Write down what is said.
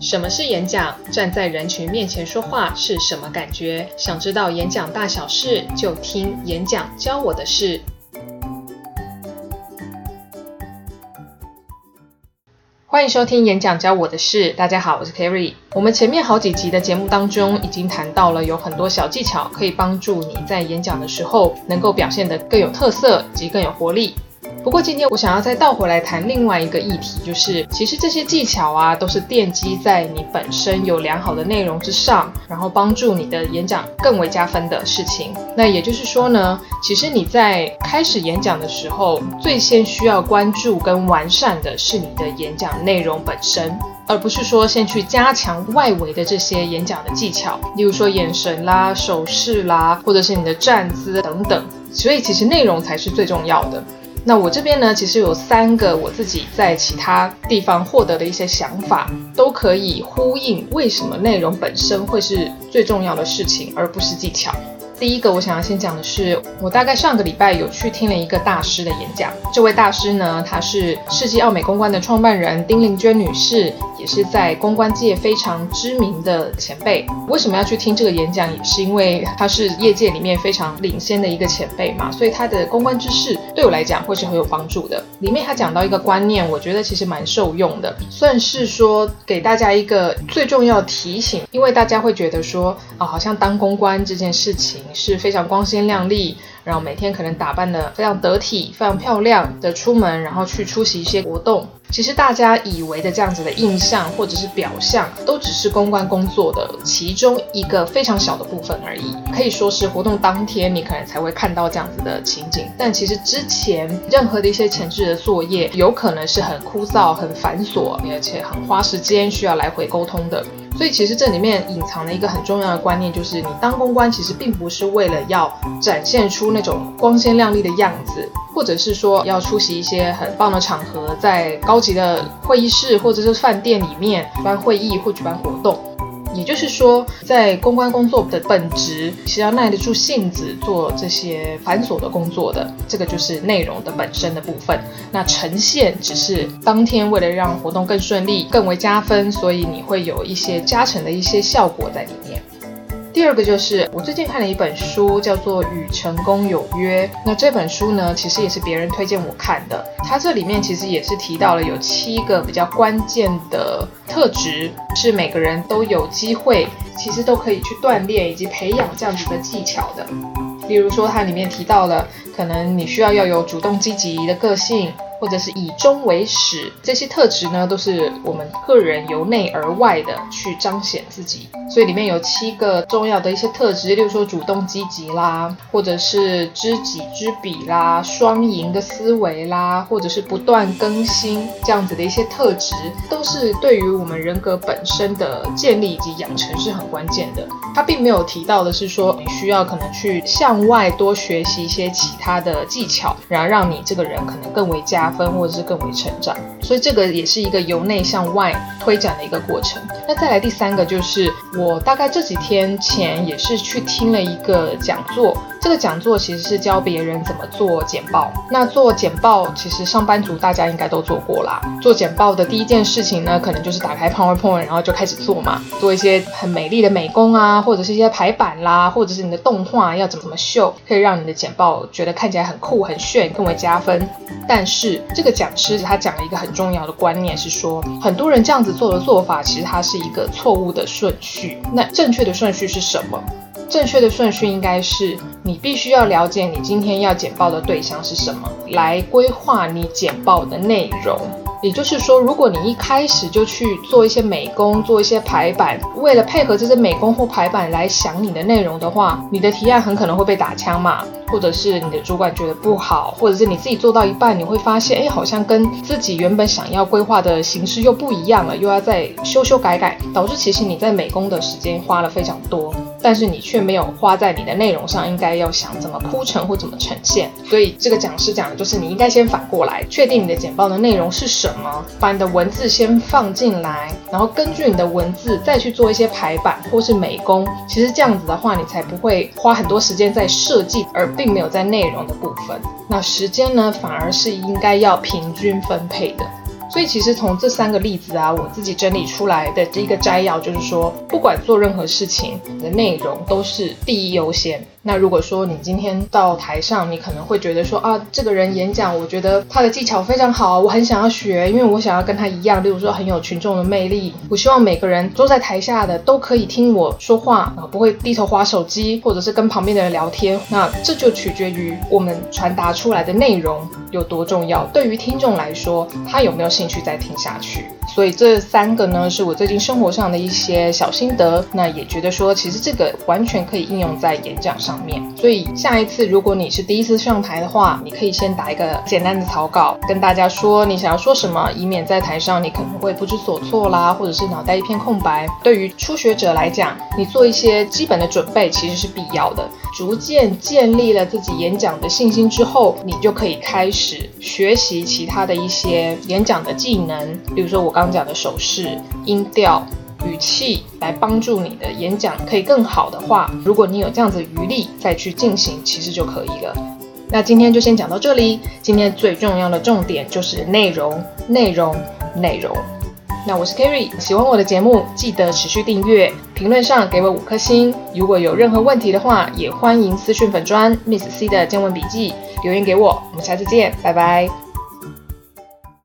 什麼是演講？站在人群面前說話是什麼感覺？想知道演講大小事，就聽《演講教我的事》。歡迎收聽《演講教我的事》，大家好，我是 Carrie。我們前面好幾集的節目當中，已經談到了有很多小技巧可以幫助你在演講的時候能夠表現得更有特色及更有活力。不過今天我想要再倒回來談另外一個議題，就是其實這些技巧啊，都是奠基在你本身有良好的內容之上，然後幫助你的演講更為加分的事情。那也就是說呢，其實你在開始演講的時候，最先需要關注跟完善的是你的演講內容本身，而不是說先去加強外圍的這些演講的技巧，例如說眼神啦、手勢啦，或者是你的站姿等等。所以其實內容才是最重要的。那我這邊呢，其實有三個我自己在其他地方獲得的一些想法，都可以呼應為什麼內容本身會是最重要的事情，而不是技巧。第一個我想要先講的是，我大概上個禮拜有去聽了一個大師的演講。這位大師呢，他是世紀奧美公關的創辦人丁玲娟女士，也是在公關界非常知名的前輩。為什麼要去聽這個演講？也是因為他是業界裡面非常領先的一個前輩嘛，所以他的公關知識對我來講會是很有幫助的。裡面他講到一個觀念，我覺得其實蠻受用的，算是說給大家一個最重要的提醒，因為大家會覺得說啊，好像當公關這件事情。是非常光鮮亮麗，然後每天可能打扮得非常得體、非常漂亮的出門，然後去出席一些活動。其實大家以為的這樣子的印象或者是表象，都只是公關工作的其中一個非常小的部分而已。可以說是活動當天你可能才會看到這樣子的情景，但其實之前任何的一些前置的作業，有可能是很枯燥、很繁瑣，而且很花時間，需要來回溝通的。所以，其實這裡面隱藏了一個很重要的觀念，就是你當公關其實並不是為了要展現出那種光鮮亮麗的樣子，或者是說要出席一些很棒的場合，在高級的會議室或者是飯店裡面辦會議或舉辦活動。也就是說，在公關工作的本質是要耐得住性子做這些繁瑣的工作的，這個就是內容的本身的部分。那呈現只是當天為了讓活動更順利，更為加分，所以你會有一些加成的一些效果在裡面。第二個就是我最近看了一本書，叫做《與成功有約》。那這本書呢，其實也是別人推薦我看的。它這裡面其實也是提到了有七個比較關鍵的特質，是每個人都有機會，其實都可以去鍛鍊以及培養這樣子的技巧的。例如說，它裡面提到了，可能你需要要有主動積極的個性。或者是以終為始，這些特質呢，都是我們個人由內而外的去彰顯自己。所以裡面有七個重要的一些特質，例如說主動積極啦，或者是知己知彼啦，雙贏的思維啦，或者是不斷更新這樣子的一些特質，都是對於我們人格本身的建立以及養成是很關鍵的。它並沒有提到的是說，你需要可能去向外多學習一些其他的技巧，然後讓你這個人可能更為佳。分或者是更為成長，所以這個也是一個由內向外推展的一個過程。那再來第三個，就是我大概這幾天前也是去聽了一個講座。這個講座其實是教別人怎麼做簡報。那做簡報，其實上班族大家應該都做過啦。做簡報的第一件事情呢，可能就是打開 PowerPoint，然後就開始做嘛，做一些很美麗的美工啊，或者是一些排版啦，或者是你的動畫要怎麼怎麼秀，可以讓你的簡報覺得看起來很酷、很炫，更為加分。但是這個講師他講了一個很重要的觀念，是說很多人這樣子做的做法，其實它是一個錯誤的順序。那正確的順序是什麼？正確的順序應該是，你必須要了解你今天要簡報的對象是什麼，來規劃你簡報的內容。也就是說，如果你一開始就去做一些美工、做一些排版，為了配合這些美工或排版來想你的內容的話，你的提案很可能會被打槍嘛，或者是你的主管覺得不好，或者是你自己做到一半，你會發現，哎、欸，好像跟自己原本想要規劃的形式又不一樣了，又要再修修改改，導致其實你在美工的時間花了非常多。但是你卻沒有花在你的內容上，應該要想怎麼鋪陳或怎麼呈現。所以這個講師講的就是，你應該先反過來，確定你的簡報的內容是什麼，把你的文字先放進來，然後根據你的文字再去做一些排版或是美工。其實這樣子的話，你才不會花很多時間在設計，而並沒有在內容的部分。那時間呢，反而是應該要平均分配的。所以，其實從這三個例子啊，我自己整理出來的一個摘要，就是說，不管做任何事情，你的內容都是第一優先。那如果說你今天到台上，你可能會覺得說啊，這個人演講，我覺得他的技巧非常好，我很想要學，因為我想要跟他一樣。例如說很有群眾的魅力，我希望每個人坐在台下的都可以聽我說話啊，不會低頭滑手機，或者是跟旁邊的人聊天。那這就取決於我們傳達出來的內容有多重要，對於聽眾來說，他有沒有興趣再聽下去。所以這三個呢，是我最近生活上的一些小心得。那也覺得說，其實這個完全可以應用在演講上。面所以，下一次如果你是第一次上台的話，你可以先打一個簡單的草稿，跟大家說你想要說什麼，以免在台上你可能會不知所措啦，或者是腦袋一片空白。對於初學者來講，你做一些基本的準備其實是必要的。逐漸建立了自己演講的信心之後，你就可以開始學習其他的一些演講的技能，比如說我剛講的手勢、音調。語氣來幫助你的演講可以更好的話，如果你有這樣子的餘力再去進行，其實就可以了。那今天就先講到這裡，今天最重要的重點就是內容，內容，內容。那我是 Kerry，喜歡我的節目記得持續訂閱，評論上給我五顆星。如果有任何問題的話，也歡迎私訊粉專 Miss C 的見聞筆記留言給我。我們下次見，拜拜。